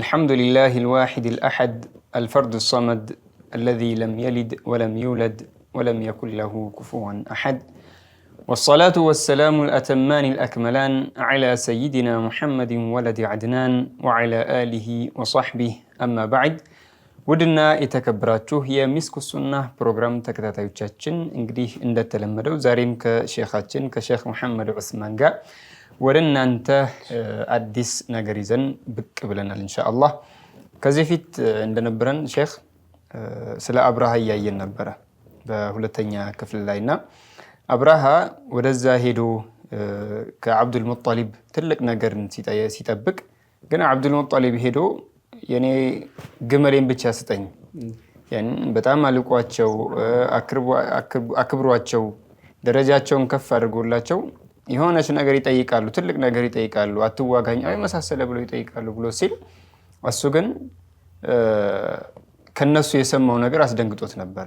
الحمد لله الواحد الأحد الفرد الصمد الذي لم يلد ولم يولد ولم يكن له كفوا أحد والصلاة والسلام الأتمان الأكملان على سيدنا محمد ولد عدنان وعلى آله وصحبه أما بعد ودنا ውድና የተከበራችሁ የሚስኩ ሱና ፕሮግራም ተከታታዮቻችን እንግዲህ እንደተለመደው ዛሬም ከሼኻችን ከሼክ መሐመድ ዑስማን ጋር ወደ እናንተ አዲስ ነገር ይዘን ብቅ ብለናል። እንሻአላህ ከዚህ ፊት እንደነበረን ሼክ ስለ አብርሃ እያየን ነበረ በሁለተኛ ክፍል ላይ እና አብርሃ ወደዛ ሄዶ ከአብዱል ትልቅ ነገር ሲጠብቅ ግን አብዱል ሄዶ የኔ ግመሌን ብቻ ስጠኝ፣ በጣም አልቋቸው አክብሯቸው፣ ደረጃቸውን ከፍ አድርጎላቸው የሆነች ነገር ይጠይቃሉ፣ ትልቅ ነገር ይጠይቃሉ፣ አትዋጋኝ የመሳሰለ ብሎ ይጠይቃሉ ብሎ ሲል እሱ ግን ከነሱ የሰማው ነገር አስደንግጦት ነበረ።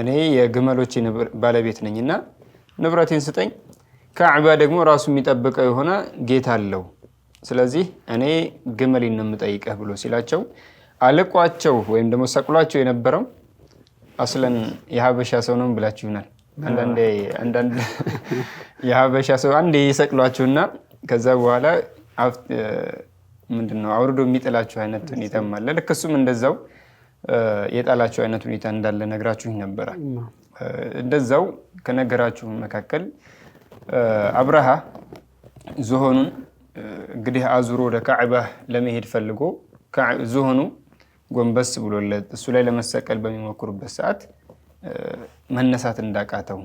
እኔ የግመሎች ባለቤት ነኝና ንብረቴን ስጠኝ፣ ከዕባ ደግሞ ራሱ የሚጠብቀው የሆነ ጌታ አለው። ስለዚህ እኔ ግመል ነው የምጠይቀህ ብሎ ሲላቸው አልቋቸው ወይም ደግሞ ሰቅሏቸው የነበረው አስለን የሀበሻ ሰው ነው ብላችሁ ይሆናል አንዳንዴ አንዳንድ የሀበሻ ሰው አንዴ ይሰቅሏችሁና ከዛ በኋላ ምንድን ነው አውርዶ የሚጥላችሁ አይነት ሁኔታ አለ። ልክ እሱም እንደዛው የጣላችሁ አይነት ሁኔታ እንዳለ ነግራችሁ ነበረ። እንደዛው ከነገራችሁ መካከል አብረሃ ዝሆኑን እንግዲህ አዙሮ ወደ ካዕባ ለመሄድ ፈልጎ ዝሆኑ ጎንበስ ብሎለት እሱ ላይ ለመሰቀል በሚሞክሩበት ሰዓት መነሳት እንዳቃተው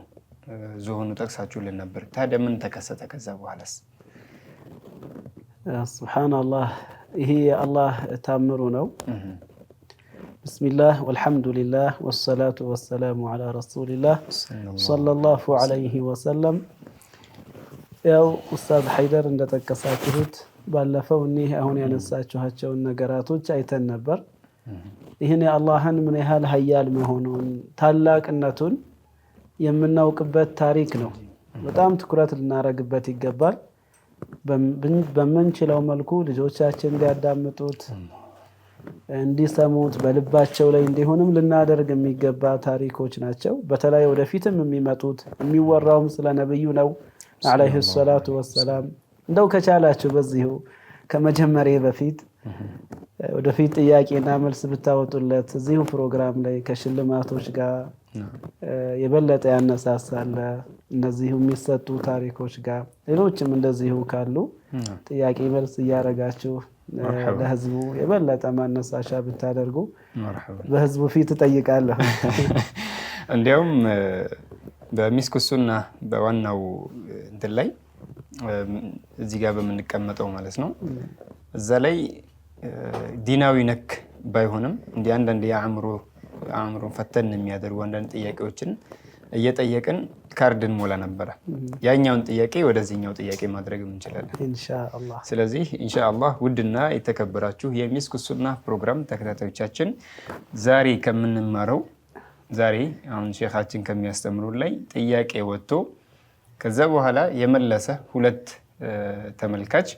ዝሆኑ ጠቅሳችሁልን ነበር። ታዲያ ምን ተከሰተ? ከዛ በኋላስ? ሱብሓነላህ ይሄ የአላህ ታምሩ ነው። ብስሚላህ ወልሐምዱሊላህ ወሰላቱ ወሰላሙ አላ ረሱሊላህ ሰለላሁ አለይሂ ወሰለም። ያው ኡስታዝ ሀይደር እንደጠቀሳችሁት ባለፈው እኒህ አሁን ያነሳችኋቸውን ነገራቶች አይተን ነበር። ይህን የአላህን ምን ያህል ሀያል መሆኑን ታላቅነቱን የምናውቅበት ታሪክ ነው። በጣም ትኩረት ልናደርግበት ይገባል። በምንችለው መልኩ ልጆቻችን ሊያዳምጡት እንዲሰሙት በልባቸው ላይ እንዲሆንም ልናደርግ የሚገባ ታሪኮች ናቸው። በተለይ ወደፊትም የሚመጡት የሚወራውም ስለ ነብዩ ነው ዓለይሂ ሰላቱ ወሰላም። እንደው ከቻላችሁ በዚሁ ከመጀመሪያ በፊት ወደፊት ጥያቄና መልስ ብታወጡለት እዚሁ ፕሮግራም ላይ ከሽልማቶች ጋር የበለጠ ያነሳሳለ። እነዚሁ የሚሰጡ ታሪኮች ጋር ሌሎችም እንደዚሁ ካሉ ጥያቄ መልስ እያደረጋችሁ ለህዝቡ የበለጠ ማነሳሻ ብታደርጉ በህዝቡ ፊት እጠይቃለሁ። እንዲያውም በሚስኩሱና በዋናው እንትን ላይ እዚህ ጋር በምንቀመጠው ማለት ነው እዛ ላይ ዲናዊ ነክ ባይሆንም እንዲህ አንዳንድ የአእምሮ አእምሮን ፈተን የሚያደርጉ አንዳንድ ጥያቄዎችን እየጠየቅን ካርድን ሞላ ነበረ። ያኛውን ጥያቄ ወደዚህኛው ጥያቄ ማድረግ እንችላለን። ስለዚህ ኢንሻአላህ ውድና የተከበራችሁ የሚስኩ ሱና ፕሮግራም ተከታታዮቻችን ዛሬ ከምንማረው ዛሬ አሁን ሼካችን ከሚያስተምሩ ላይ ጥያቄ ወጥቶ ከዛ በኋላ የመለሰ ሁለት ተመልካች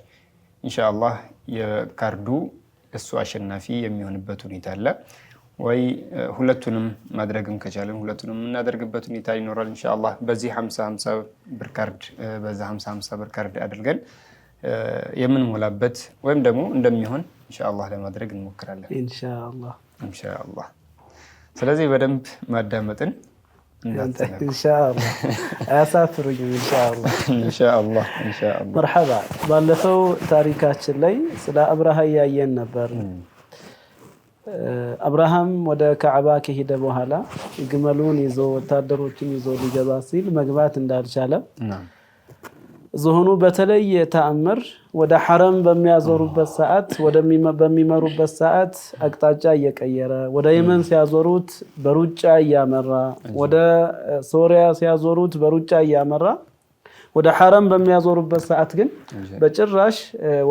ኢንሻአላህ የካርዱ እሱ አሸናፊ የሚሆንበት ሁኔታ አለ ወይ? ሁለቱንም ማድረግም ከቻለን ሁለቱንም የምናደርግበት ሁኔታ ይኖራል እንሻላ በዚህ ሀምሳ ብር ካርድ በዛ ሀምሳ ብር ካርድ አድርገን የምንሞላበት ወይም ደግሞ እንደሚሆን እንሻላ ለማድረግ እንሞክራለን ኢንሻአላህ። ስለዚህ በደንብ ማዳመጥን ኢንሻአላህ አያሳፍሩኝም። ኢንሻአላህ መርሐባ። ባለፈው ታሪካችን ላይ ስለ አብርሃ እያየን ነበር። አብርሃም ወደ ካዕባ ከሄደ በኋላ ግመሉን ይዞ ወታደሮችን ይዞ ሊገባ ሲል መግባት እንዳልቻለም ዝሆኑ በተለየ ተአምር ወደ ሐረም በሚያዞሩበት ሰዓት በሚመሩበት ሰዓት አቅጣጫ እየቀየረ ወደ የመን ሲያዞሩት በሩጫ እያመራ ወደ ሶሪያ ሲያዞሩት በሩጫ እያመራ ወደ ሐረም በሚያዞሩበት ሰዓት ግን በጭራሽ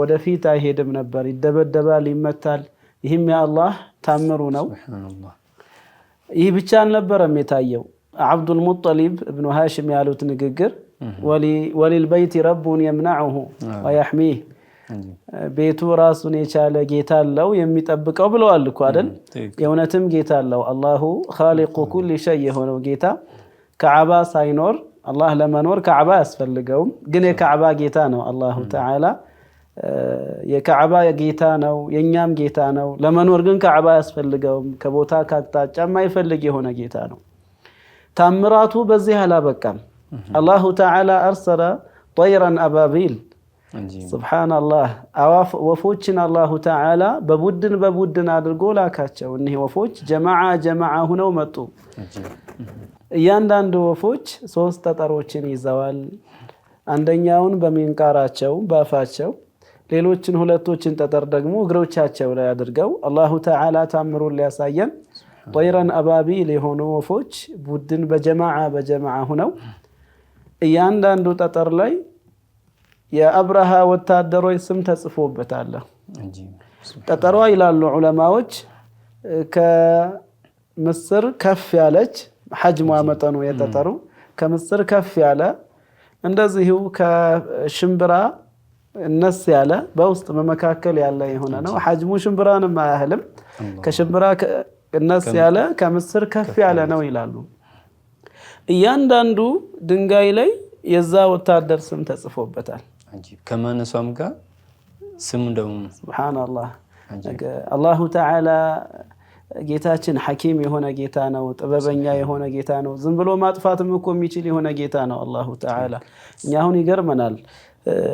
ወደፊት አይሄድም ነበር። ይደበደባል፣ ይመታል። ይህም የአላህ ታምሩ ነው። ይህ ብቻ አልነበረም የታየው። አብዱልሙጠሊብ እብኑ ሃሽም ያሉት ንግግር ወሊልበይቲ ረቡን የምናዑሁ ወያሕሚህ ቤቱ ራሱን የቻለ ጌታ አለው የሚጠብቀው ብለዋል እኮ አይደል? የእውነትም ጌታ አለው። አላሁ ኻሊቁ ኩል ሸይ የሆነው ጌታ ከዓባ ሳይኖር አላህ ለመኖር ከዓባ አያስፈልገውም። ግን የከዓባ ጌታ ነው አላሁ ተዓላ የከዓባ ጌታ ነው፣ የእኛም ጌታ ነው። ለመኖር ግን ከዓባ አያስፈልገውም። ከቦታ ከአቅጣጫ የማይፈልግ የሆነ ጌታ ነው። ታምራቱ በዚህ አላበቃም። አላሁ ተዓላ አርሰለ ጠይረን አባቢል ስብሓናላህ ወፎችን አላሁ ተዓላ በቡድን በቡድን አድርጎ ላካቸው። እኒህ ወፎች ጀማዓ ጀማዓ ሁነው መጡ። እያንዳንዱ ወፎች ሶስት ጠጠሮችን ይዘዋል። አንደኛውን በሚንቃራቸው በአፋቸው፣ ሌሎችን ሁለቶችን ጠጠር ደግሞ እግሮቻቸው ላይ አድርገው አላሁ ተዓላ ታምሩን ሊያሳየን ጠይረን አባቢል የሆኑ ወፎች ቡድን በጀማዓ በጀማዓ ሁነው እያንዳንዱ ጠጠር ላይ የአብረሃ ወታደሮች ስም ተጽፎበታል። ጠጠሯ ይላሉ ዑለማዎች ከምስር ከፍ ያለች ሐጅሟ መጠኑ የጠጠሩ ከምስር ከፍ ያለ እንደዚሁ ከሽምብራ እነስ ያለ በውስጥ በመካከል ያለ የሆነ ነው። ሐጅሙ ሽምብራንም አያህልም። ከሽምብራ እነስ ያለ ከምስር ከፍ ያለ ነው ይላሉ። እያንዳንዱ ድንጋይ ላይ የዛ ወታደር ስም ተጽፎበታል። ከመነሷም ጋር ስሙ ደግሞ ሱብሓነላህ። አላሁ ተዓላ ጌታችን ሐኪም የሆነ ጌታ ነው። ጥበበኛ የሆነ ጌታ ነው። ዝም ብሎ ማጥፋትም እኮ የሚችል የሆነ ጌታ ነው አላሁ ተዓላ። እኛ አሁን ይገርመናል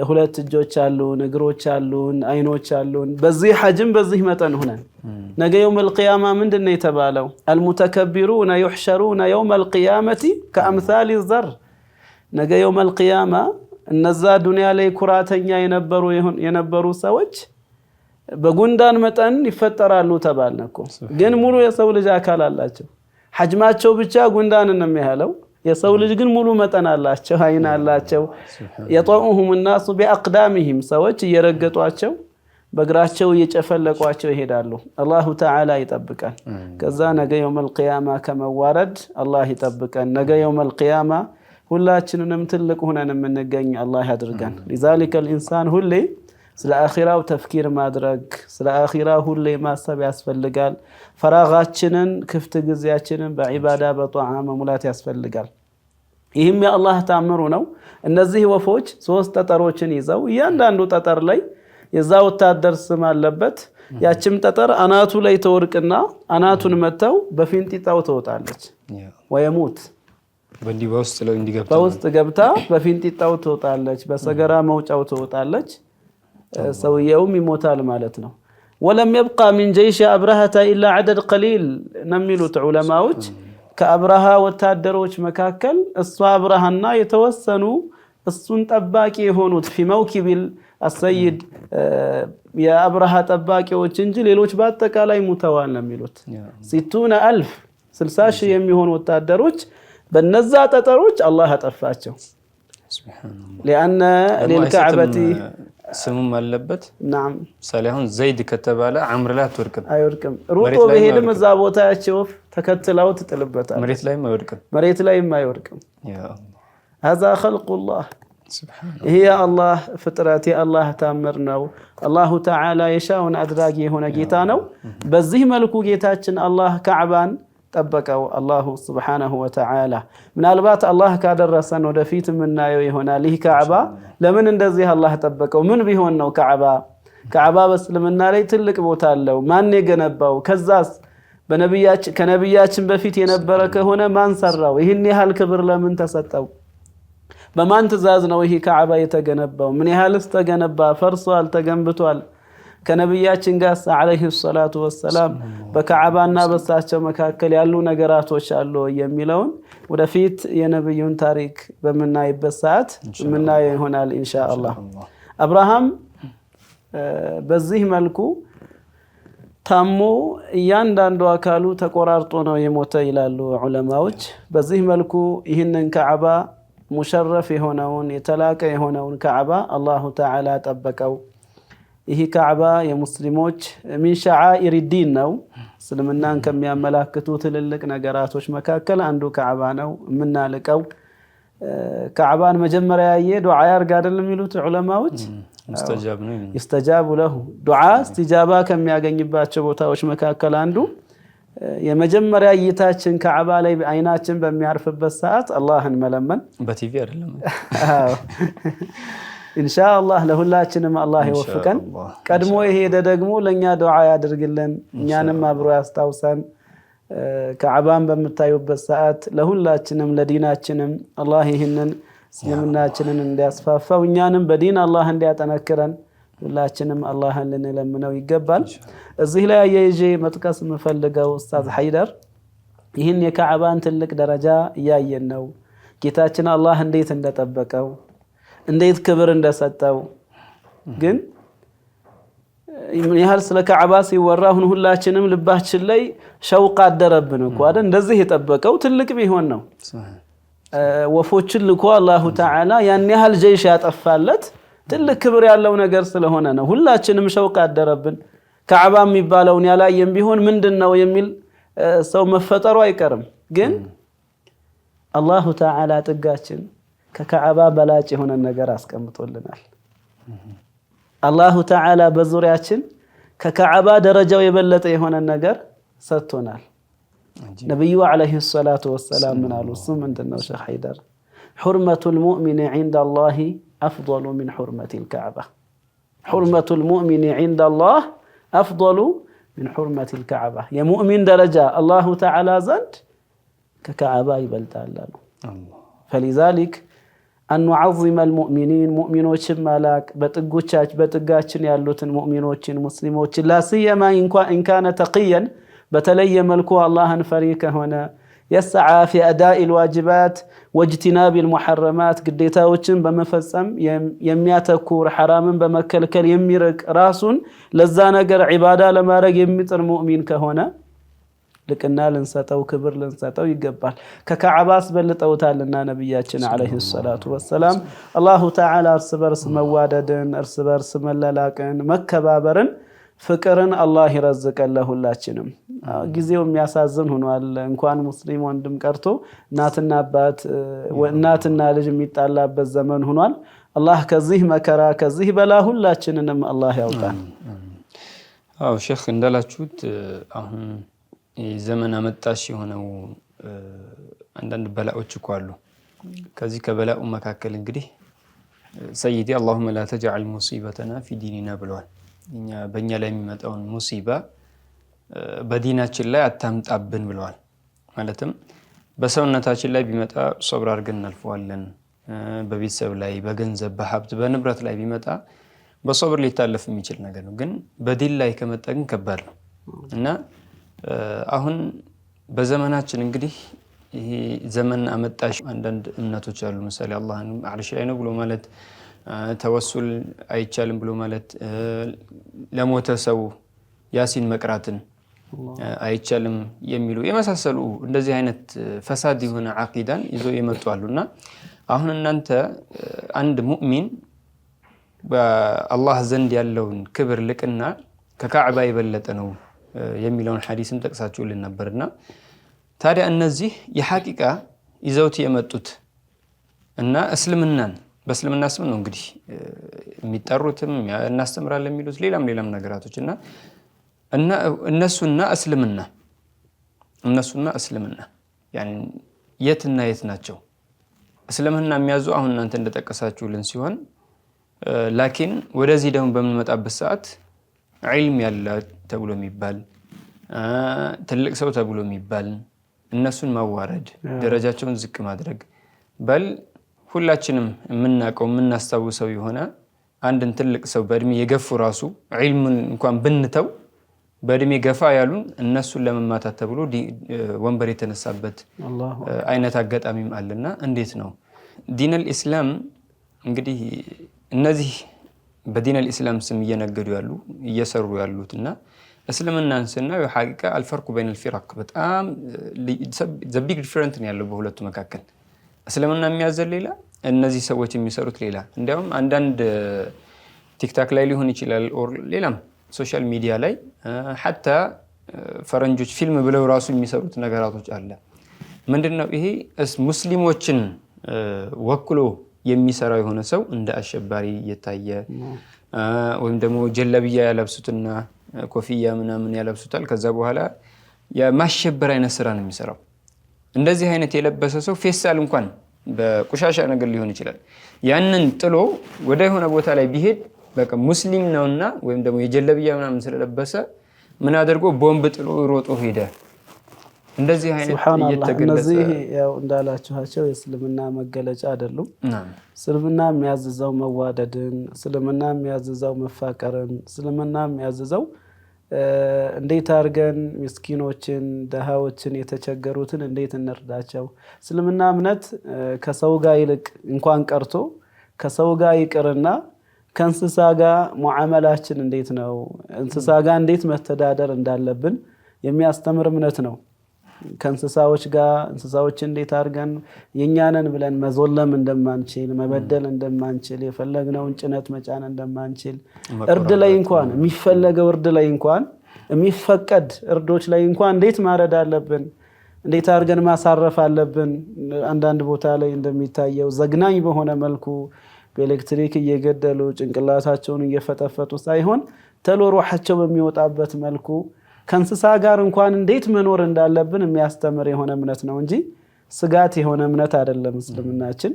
ሁለት እጆች አሉን፣ እግሮች አሉን፣ አይኖች አሉን። በዚህ ሐጅም በዚህ መጠን ሁነን ነገ የውም ቂያማ ምንድን ነው የተባለው? አልሙተከቢሩነ ዩሕሸሩነ የውም ቂያመቲ ከአምሳል ዘር። ነገ የውም ቂያማ እነዛ ዱንያ ላይ ኩራተኛ የነበሩ ሰዎች በጉንዳን መጠን ይፈጠራሉ ተባልነ እኮ። ግን ሙሉ የሰው ልጅ አካል አላቸው። ሐጅማቸው ብቻ ጉንዳን ነው የሚያህለው የሰው ልጅ ግን ሙሉ መጠን አላቸው፣ አይን አላቸው። የጠኡሁም ናሱ ቢአቅዳሚሂም ሰዎች እየረገጧቸው በእግራቸው እየጨፈለቋቸው ይሄዳሉ። አላሁ ተዓላ ይጠብቀን። ከዛ ነገ የውመል ቂያማ ከመዋረድ አላህ ይጠብቀን። ነገ የውመል ቂያማ ሁላችንንም ትልቅ ሁነን የምንገኝ አላህ ያድርገን። ሊዛሊከል ኢንሳን ሁሌ ስለ አኺራው ተፍኪር ማድረግ ስለ አኺራ ሁሌ ማሰብ ያስፈልጋል። ፈራጋችንን ክፍት ጊዜያችንን በዒባዳ በጧዓ መሙላት ያስፈልጋል። ይህም የአላህ ታምሩ ነው። እነዚህ ወፎች ሶስት ጠጠሮችን ይዘው እያንዳንዱ ጠጠር ላይ የዛ ወታደር ስም አለበት። ያችም ጠጠር አናቱ ላይ ተወድቅና አናቱን መተው በፊንጢጣው ትወጣለች። ወየሙት በውስጥ ገብታ በፊንጢጣው ትወጣለች፣ በሰገራ መውጫው ትወጣለች። ሰውየውም ይሞታል ማለት ነው። ወለም የብቃ ሚን ጀይሽ አብረሃታ ኢላ ዐደድ ቀሊል ነው የሚሉት ዑለማዎች ከአብረሃ ወታደሮች መካከል እሱ አብረሃና የተወሰኑ እሱን ጠባቂ የሆኑት ፊ አሰይድ የአብረሃ ጠባቂዎች እንጂ ሌሎች በአጠቃላይ ሙተዋል ነው የሚሉት። ሲቱነ አልፍ ስልሳ ሺህ የሚሆኑ ወታደሮች በነዛ ጠጠሮች አላህ አጠፋቸው ሊአነ ሊልከዕበቲ ስሙም አለበት። ምሳሌ ዘይድ ከተባለ አምር ላይ አትወድቅም፣ አይወድቅም። ሩጦ በሄድም እዛ ቦታ ያች ወፍ ተከትላው ትጥልበታል። መሬት ላይም አይወድቅም፣ መሬት ላይም አይወድቅም። ሀዛ ኸልቁላህ፣ ይሄ የአላህ ፍጥረት የአላህ ታምር ነው። አላሁ ተዓላ የሻውን አድራጊ የሆነ ጌታ ነው። በዚህ መልኩ ጌታችን አላህ ካዕባን ጠበቀው አላሁ ስብሓነሁ ወተዓላ። ምናልባት አላህ ካደረሰን ወደፊት የምናየው ይሆናል። ይህ ካዕባ ለምን እንደዚህ አላህ ጠበቀው? ምን ቢሆን ነው ካዕባ? ካዕባ በእስልምና ላይ ትልቅ ቦታ አለው። ማን የገነባው? ከዛስ ከነቢያችን በፊት የነበረ ከሆነ ማን ሰራው? ይህን ያህል ክብር ለምን ተሰጠው? በማን ትዕዛዝ ነው ይህ ካዕባ የተገነባው? ምን ያህልስ ተገነባ? ፈርሷል፣ ተገንብቷል? ከነቢያችን ጋር አለይሂ ሰላቱ ወሰላም በካዕባና በሳቸው መካከል ያሉ ነገራቶች አሉ የሚለውን ወደፊት የነብዩን ታሪክ በምናይበት ሰዓት የምናየው ይሆናል እንሻአላ አብርሃም በዚህ መልኩ ታሞ እያንዳንዱ አካሉ ተቆራርጦ ነው የሞተ ይላሉ ዑለማዎች። በዚህ መልኩ ይህንን ካዕባ ሙሸረፍ የሆነውን የተላቀ የሆነውን ካዕባ አላሁ ተዓላ ጠበቀው። ይህ ካዕባ የሙስሊሞች ሚን ሸዓኢር ዲን ነው። እስልምናን ከሚያመላክቱ ትልልቅ ነገራቶች መካከል አንዱ ካዕባ ነው። የምናልቀው ካዕባን መጀመሪያ ያየ ዱዓ ያርግ አይደለም የሚሉት ዑለማዎች፣ ይስተጃቡ ለሁ ዱዓ እስቲጃባ ከሚያገኝባቸው ቦታዎች መካከል አንዱ የመጀመሪያ እይታችን ካዕባ ላይ አይናችን በሚያርፍበት ሰዓት አላህን መለመን በቲቪ አይደለም ኢንሻአላህ ለሁላችንም አላህ ይወፍቀን። ቀድሞ የሄደ ደግሞ ለእኛ ዱዓ ያድርግልን፣ እኛንም አብሮ ያስታውሰን። ከዓባን በምታዩበት ሰዓት ለሁላችንም ለዲናችንም አላህ ይህንን እስልምናችንን እንዲያስፋፋው እኛንም በዲን አላህ እንዲያጠነክረን ሁላችንም አላህን ልንለምነው ይገባል። እዚህ ላይ አያይዤ መጥቀስ የምፈልገው ኡስታዝ ሐይደር ይህን የከዓባን ትልቅ ደረጃ እያየን ነው። ጌታችን አላህ እንዴት እንደጠበቀው እንዴት ክብር እንደሰጠው ግን ምን ያህል ስለ ካዕባ ሲወራ አሁን ሁላችንም ልባችን ላይ ሸውቅ አደረብን እኮ አይደል? እንደዚህ የጠበቀው ትልቅ ቢሆን ነው። ወፎችን ልኮ አላሁ ተዓላ ያን ያህል ጀይሽ ያጠፋለት ትልቅ ክብር ያለው ነገር ስለሆነ ነው። ሁላችንም ሸውቅ አደረብን። ካዕባ የሚባለውን ያላየም ቢሆን ምንድን ነው የሚል ሰው መፈጠሩ አይቀርም። ግን አላሁ ተዓላ ጥጋችን ከከዓባ በላጭ የሆነ ነገር አስቀምጦልናል። አላሁ ተዓላ በዙሪያችን ከከዓባ ደረጃው የበለጠ የሆነ ነገር ሰጥቶናል። ነቢዩ ዓለይሂ ሰላቱ ወሰላም ምን አሉ? እሱ ምንድን ነው? ሸህ ሐይደር ሑርመቱል ሙእሚኒ ዒንደ አላሂ አፍሉ ሚን ሑርመቲል ከዓባ፣ ሑርመቱል ሙእሚኒ ዒንደ አላህ አፍሉ ሚን ሑርመቲል ከዓባ። የሙእሚን ደረጃ አላሁ ተዓላ ዘንድ ከከዓባ ይበልጣል አሉ። ፈሊዛሊክ አኑዓዚመ አልሙእሚኒን ሙእሚኖችን መላክ በጥጋችን ያሉትን ሙእሚኖችን ሙስሊሞችን ላስየማ ኢንካነ ተቅየን በተለየ መልኩ አላህን ፈሪ ከሆነ የሰዓ ፊ አዳኢ ልዋጅባት ወጅትናቢ ልሙሐረማት ግዴታዎችን በመፈጸም የሚያተኩር ሐራምን በመከልከል የሚርቅ ራሱን ለዛ ነገር ዒባዳ ለማድረግ የሚጥር ሙእሚን ከሆነ ልቅና ልንሰጠው ክብር ልንሰጠው ይገባል። ከካዕባ አስበልጠውታልና ነቢያችን ዓለይሂ ሰላቱ ወሰላም። አላሁ ተዓላ እርስ በርስ መዋደድን፣ እርስ በርስ መለላቅን፣ መከባበርን፣ ፍቅርን አላህ ይረዝቀን ለሁላችንም። ጊዜው የሚያሳዝን ሆኗል። እንኳን ሙስሊም ወንድም ቀርቶ እናትና አባት እናትና ልጅ የሚጣላበት ዘመን ሆኗል። አላህ ከዚህ መከራ ከዚህ በላ ሁላችንንም አላህ ያውጣል። አዎ ሼክ እንዳላችሁት አሁን ዘመን አመጣሽ የሆነው አንዳንድ በላዎች እኮ አሉ። ከዚህ ከበላኡ መካከል እንግዲህ ሰይዲ አላሁመ ላ ተጅዐል ሙሲበተና ፊ ዲኒና ብለዋል። በእኛ ላይ የሚመጣውን ሙሲባ በዲናችን ላይ አታምጣብን ብለዋል። ማለትም በሰውነታችን ላይ ቢመጣ ሶብር አድርገን እናልፈዋለን። በቤተሰብ ላይ፣ በገንዘብ፣ በሀብት፣ በንብረት ላይ ቢመጣ በሶብር ሊታለፍ የሚችል ነገር ነው። ግን በዲን ላይ ከመጣ ግን ከባድ ነው እና አሁን በዘመናችን እንግዲህ ይሄ ዘመን አመጣሽ አንዳንድ እምነቶች አሉ። ምሳሌ አላህን አርሽ ላይ ነው ብሎ ማለት፣ ተወሱል አይቻልም ብሎ ማለት፣ ለሞተ ሰው ያሲን መቅራትን አይቻልም የሚሉ የመሳሰሉ እንደዚህ አይነት ፈሳድ የሆነ አቂዳን ይዞ የመጡ አሉ እና አሁን እናንተ አንድ ሙእሚን በአላህ ዘንድ ያለውን ክብር ልቅና ከካዕባ የበለጠ ነው የሚለውን ሐዲስም ጠቅሳችሁልን ነበርና ታዲያ እነዚህ የሐቂቃ ይዘውት የመጡት እና እስልምናን በእስልምና ስም ነው እንግዲህ የሚጠሩትም እናስተምራለን የሚሉት ሌላም ሌላም ነገራቶች እና እነሱና እስልምና እነሱና እስልምና እና የት ናቸው? እስልምና የሚያዙ አሁን እናንተ እንደጠቀሳችሁልን ሲሆን ላኪን ወደዚህ ደግሞ በምንመጣበት ሰዓት ዒልም ያለ ተብሎ የሚባል ትልቅ ሰው ተብሎ የሚባል እነሱን ማዋረድ፣ ደረጃቸውን ዝቅ ማድረግ በል ሁላችንም የምናውቀው የምናስታውሰው የሆነ አንድን ትልቅ ሰው በእድሜ የገፉ ራሱ ዒልሙን እንኳን ብንተው በእድሜ ገፋ ያሉን እነሱን ለመማታት ተብሎ ወንበር የተነሳበት አይነት አጋጣሚም አለና እንዴት ነው ዲን ኢስላም እንግዲህ እነዚህ በዲን አልኢስላም ስም እየነገዱ ያሉ እየሰሩ ያሉት እና እስልምናን ስናው ሐቂቃ አልፈርኩ በይን አልፊራቅ በጣም ዘቢግ ዲፈረንት ነው ያለው በሁለቱ መካከል። እስልምና የሚያዘን ሌላ፣ እነዚህ ሰዎች የሚሰሩት ሌላ። እንዲያውም አንዳንድ ቲክታክ ላይ ሊሆን ይችላል ኦር ሌላም ሶሻል ሚዲያ ላይ ሐታ ፈረንጆች ፊልም ብለው ራሱ የሚሰሩት ነገራቶች አለ። ምንድን ነው ይሄ ሙስሊሞችን ወክሎ የሚሰራው የሆነ ሰው እንደ አሸባሪ እየታየ ወይም ደግሞ ጀለብያ ያለብሱትና ኮፍያ ምናምን ያለብሱታል። ከዛ በኋላ የማሸበር አይነት ስራ ነው የሚሰራው። እንደዚህ አይነት የለበሰ ሰው ፌሳል እንኳን በቆሻሻ ነገር ሊሆን ይችላል። ያንን ጥሎ ወደ የሆነ ቦታ ላይ ቢሄድ በቃ ሙስሊም ነውና ወይም ደግሞ የጀለብያ ምናምን ስለለበሰ ምን አድርጎ ቦምብ ጥሎ ሮጦ ሄደ። እንደዚህ አይነት እነዚህ ያው እንዳላችኋቸው የእስልምና መገለጫ አይደሉም። እስልምና የሚያዝዘው መዋደድን፣ እስልምና የሚያዝዘው መፋቀርን፣ እስልምና የሚያዝዘው እንዴት አድርገን ምስኪኖችን፣ ደሃዎችን፣ የተቸገሩትን እንዴት እንርዳቸው። እስልምና እምነት ከሰው ጋር ይልቅ እንኳን ቀርቶ ከሰው ጋር ይቅርና ከእንስሳ ጋር ሙዓመላችን እንዴት ነው፣ እንስሳ ጋር እንዴት መተዳደር እንዳለብን የሚያስተምር እምነት ነው። ከእንስሳዎች ጋር እንስሳዎች እንዴት አድርገን የእኛንን ብለን መዞለም እንደማንችል መበደል እንደማንችል የፈለግነውን ጭነት መጫን እንደማንችል እርድ ላይ እንኳን የሚፈለገው እርድ ላይ እንኳን የሚፈቀድ እርዶች ላይ እንኳን እንዴት ማረድ አለብን፣ እንዴት አድርገን ማሳረፍ አለብን። አንዳንድ ቦታ ላይ እንደሚታየው ዘግናኝ በሆነ መልኩ በኤሌክትሪክ እየገደሉ ጭንቅላታቸውን እየፈጠፈጡ ሳይሆን ተሎ በሚወጣበት መልኩ ከእንስሳ ጋር እንኳን እንዴት መኖር እንዳለብን የሚያስተምር የሆነ እምነት ነው እንጂ ስጋት የሆነ እምነት አይደለም። እስልምናችን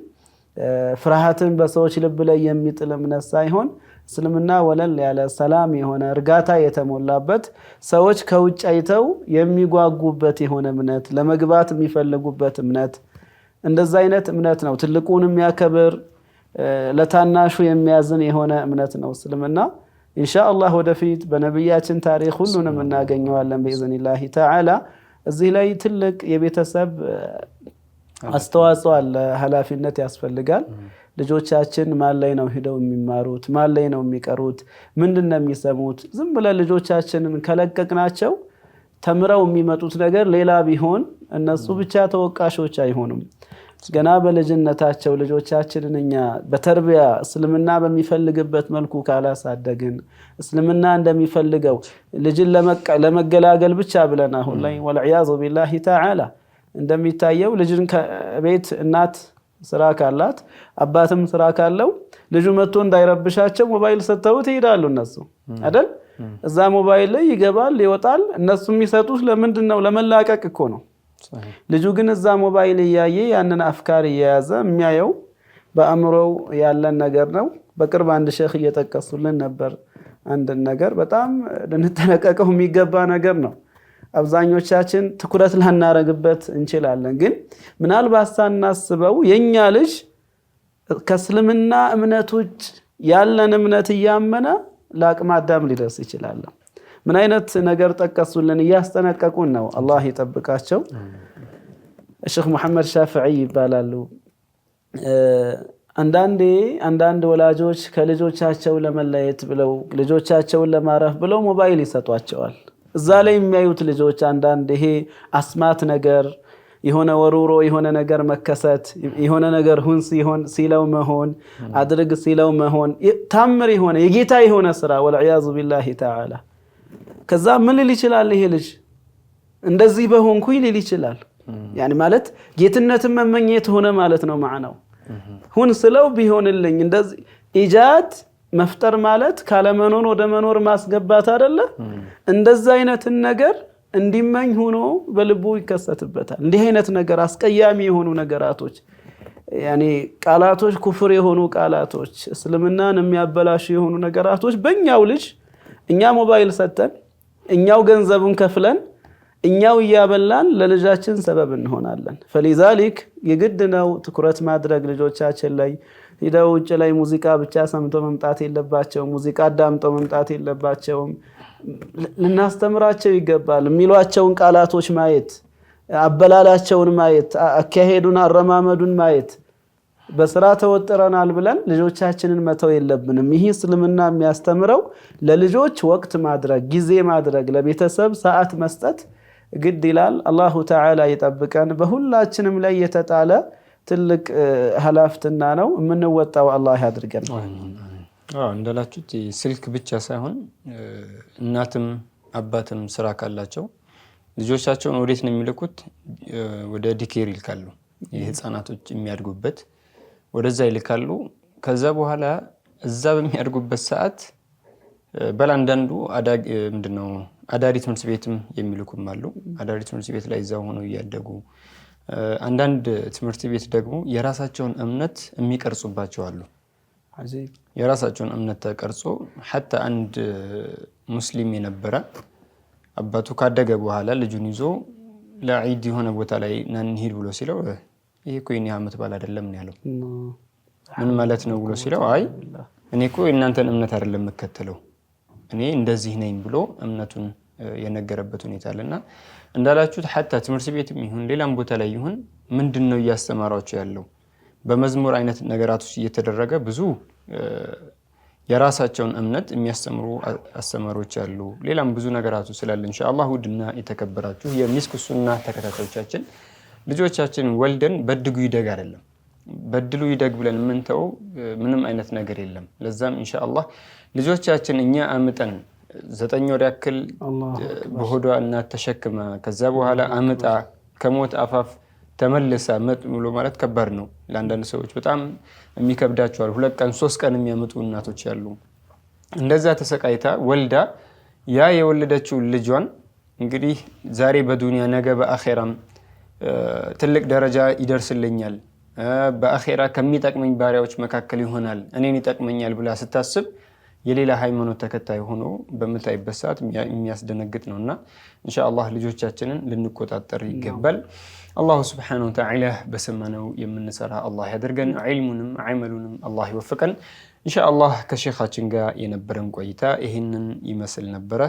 ፍርሃትን በሰዎች ልብ ላይ የሚጥል እምነት ሳይሆን እስልምና ወለል ያለ ሰላም የሆነ እርጋታ የተሞላበት ሰዎች ከውጭ አይተው የሚጓጉበት የሆነ እምነት፣ ለመግባት የሚፈልጉበት እምነት፣ እንደዛ አይነት እምነት ነው። ትልቁን የሚያከብር ለታናሹ የሚያዝን የሆነ እምነት ነው እስልምና። ኢንሻአላህ ወደፊት በነቢያችን ታሪክ ሁሉንም እናገኘዋለን በኢዝኒላሂ ተዓላ። እዚህ ላይ ትልቅ የቤተሰብ አስተዋጽኦ አለ፣ ኃላፊነት ያስፈልጋል። ልጆቻችን ማን ላይ ነው ሂደው የሚማሩት? ማን ላይ ነው የሚቀሩት? ምንድን ነው የሚሰሙት? ዝም ብለን ልጆቻችንን ከለቀቅናቸው ተምረው የሚመጡት ነገር ሌላ ቢሆን እነሱ ብቻ ተወቃሾች አይሆኑም። ገና በልጅነታቸው ልጆቻችንን እኛ በተርቢያ እስልምና በሚፈልግበት መልኩ ካላሳደግን እስልምና እንደሚፈልገው ልጅን ለመገላገል ብቻ ብለን አሁን ላይ ወልዕያዙ ቢላሂ ተዓላ እንደሚታየው ልጅን ቤት እናት ስራ ካላት አባትም ስራ ካለው ልጁ መጥቶ እንዳይረብሻቸው ሞባይል ሰጥተውት ይሄዳሉ። እነሱ አይደል እዛ ሞባይል ላይ ይገባል ይወጣል። እነሱ የሚሰጡት ለምንድን ነው? ለመላቀቅ እኮ ነው። ልጁ ግን እዛ ሞባይል እያየ ያንን አፍካር እየያዘ የሚያየው በአእምሮው ያለን ነገር ነው። በቅርብ አንድ ሼክ እየጠቀሱልን ነበር። አንድን ነገር በጣም ልንጠነቀቀው የሚገባ ነገር ነው። አብዛኞቻችን ትኩረት ላናረግበት እንችላለን። ግን ምናልባት ሳናስበው የእኛ ልጅ ከእስልምና እምነት ውጭ ያለን እምነት እያመነ ለአቅመ አዳም ሊደርስ ይችላለን። ምን አይነት ነገር ጠቀሱልን? እያስጠነቀቁን ነው። አላህ ይጠብቃቸው። ሼክ መሐመድ ሻፍዒ ይባላሉ። አንዳንዴ አንዳንድ ወላጆች ከልጆቻቸው ለመለየት ብለው ልጆቻቸውን ለማረፍ ብለው ሞባይል ይሰጧቸዋል። እዛ ላይ የሚያዩት ልጆች አንዳንድ ይሄ አስማት ነገር የሆነ ወሩሮ የሆነ ነገር መከሰት የሆነ ነገር ሁን ሲሆን ሲለው መሆን አድርግ ሲለው መሆን ታምር የሆነ የጌታ የሆነ ስራ ወልዕያዙ ቢላሂ ተዓላ ከዛ ምን ልል ይችላል? ይሄ ልጅ እንደዚህ በሆንኩኝ ሊል ይችላል። ያኔ ማለት ጌትነትን መመኘት ሆነ ማለት ነው። ማዕናው ሁን ስለው ቢሆንልኝ እንደዚህ ኢጃድ መፍጠር ማለት ካለመኖር ወደ መኖር ማስገባት አደለ እንደዛ አይነትን ነገር እንዲመኝ ሆኖ በልቡ ይከሰትበታል። እንዲህ አይነት ነገር አስቀያሚ የሆኑ ነገራቶች ያኔ ቃላቶች፣ ኩፍር የሆኑ ቃላቶች፣ እስልምናን የሚያበላሹ የሆኑ ነገራቶች በእኛው ልጅ እኛ ሞባይል ሰጠን፣ እኛው ገንዘቡን ከፍለን እኛው እያበላን ለልጃችን ሰበብ እንሆናለን። ፈሊዛሊክ የግድ ነው ትኩረት ማድረግ ልጆቻችን ላይ። ሂደው ውጭ ላይ ሙዚቃ ብቻ ሰምቶ መምጣት የለባቸውም። ሙዚቃ አዳምጦ መምጣት የለባቸውም። ልናስተምራቸው ይገባል። የሚሏቸውን ቃላቶች ማየት፣ አበላላቸውን ማየት፣ አካሄዱን አረማመዱን ማየት በስራ ተወጥረናል ብለን ልጆቻችንን መተው የለብንም። ይህ እስልምና የሚያስተምረው ለልጆች ወቅት ማድረግ፣ ጊዜ ማድረግ፣ ለቤተሰብ ሰዓት መስጠት ግድ ይላል። አላሁ ተዓላ ይጠብቀን። በሁላችንም ላይ የተጣለ ትልቅ ሀላፍትና ነው የምንወጣው። አላህ ያድርገን። እንዳላችሁት ስልክ ብቻ ሳይሆን እናትም አባትም ስራ ካላቸው ልጆቻቸውን ወዴት ነው የሚልኩት? ወደ ዲኬር ይልካሉ። የህፃናቶች የሚያድጉበት ወደዛ ይልካሉ። ከዛ በኋላ እዛ በሚያድጉበት ሰዓት አንዳንዱ ምንድነው አዳሪ ትምህርት ቤትም የሚልኩም አሉ። አዳሪ ትምህርት ቤት ላይ እዛ ሆነው እያደጉ አንዳንድ ትምህርት ቤት ደግሞ የራሳቸውን እምነት የሚቀርጹባቸው አሉ። የራሳቸውን እምነት ተቀርጾ ሐታ አንድ ሙስሊም የነበረ አባቱ ካደገ በኋላ ልጁን ይዞ ለዒድ የሆነ ቦታ ላይ ና እንሂድ ብሎ ሲለው ይሄ እኮ የኔ ዓመት በዓል አይደለም ነው ያለው። ምን ማለት ነው ብሎ ሲለው አይ እኔ እኮ የእናንተን እምነት አይደለም የምከተለው እኔ እንደዚህ ነኝ ብሎ እምነቱን የነገረበት ሁኔታ አለና እንዳላችሁት ሀታ ትምህርት ቤትም ይሁን ሌላም ቦታ ላይ ይሁን ምንድን ነው እያስተማሯቸው ያለው በመዝሙር አይነት ውስጥ እየተደረገ ብዙ የራሳቸውን እምነት የሚያስተምሩ አስተማሪዎች አሉ። ሌላም ብዙ ነገራቱ ስላለ ኢንሻአላህ ውድና የተከበራችሁ የሚስክ ሱና ተከታታዮቻችን ልጆቻችን ወልደን በድጉ ይደግ አይደለም በድሉ ይደግ ብለን የምንተው ምንም አይነት ነገር የለም። ለዛም እንሻአላህ ልጆቻችን እኛ አምጠን ዘጠኝ ወር ያክል በሆዷ እናት ከዛ በኋላ አምጣ ከሞት አፋፍ ተመልሳ መጥ ብሎ ማለት ከባድ ነው። ለአንዳንድ ሰዎች በጣም የሚከብዳቸዋል። ሁለት ቀን ሶስት ቀን የሚያምጡ እናቶች ያሉ እንደዛ ተሰቃይታ ወልዳ ያ የወለደችውን ልጇን እንግዲህ ዛሬ በዱንያ ነገ በአኼራም ትልቅ ደረጃ ይደርስልኛል፣ በአኼራ ከሚጠቅመኝ ባሪያዎች መካከል ይሆናል፣ እኔን ይጠቅመኛል ብላ ስታስብ የሌላ ሃይማኖት ተከታይ ሆኖ በምታይበት ሰዓት የሚያስደነግጥ ነው እና እንሻአላህ ልጆቻችንን ልንቆጣጠር ይገባል። አላሁ ስብሓነሁ ወተዓላ በሰማነው የምንሰራ አላህ ያደርገን፣ ዒልሙንም ዓመሉንም አላህ ይወፍቀን። እንሻአላህ ከሼኻችን ጋር የነበረን ቆይታ ይህንን ይመስል ነበረ።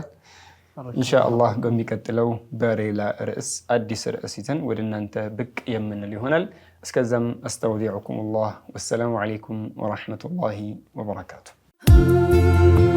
ኢንሻአላህ በሚቀጥለው በሌላ ርዕስ አዲስ ርዕስ ይዘን ወደ እናንተ ብቅ የምንል ይሆናል። እስከዛም አስተውዲዕኩም ላህ ወሰላሙ ዓለይኩም ወረሕመቱላሂ ወበረካቱ።